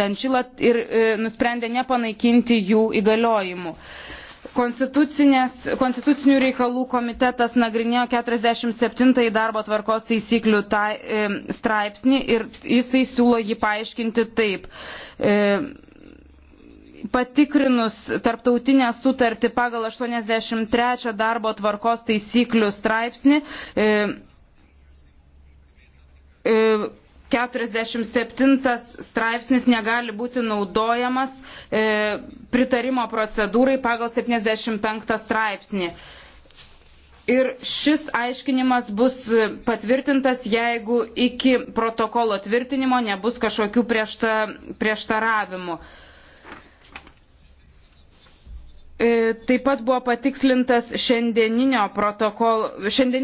Dančila ir e, nusprendė nepanaikinti jų įgaliojimų. Konstitucinių reikalų komitetas nagrinėjo 47 darbo tvarkos taisyklių ta, e, straipsnį ir jisai siūlo jį paaiškinti taip. E, patikrinus tarptautinę sutartį pagal 83 darbo tvarkos taisyklių straipsnį, e, 47 straipsnis negali būti naudojamas e, pritarimo procedūrai pagal 75 straipsnį. Ir šis aiškinimas bus e, patvirtintas, jeigu iki protokolo tvirtinimo nebus kažkokių priešta, prieštaravimų. E, taip pat buvo patikslintas šiandieninio protokolo. Šiandien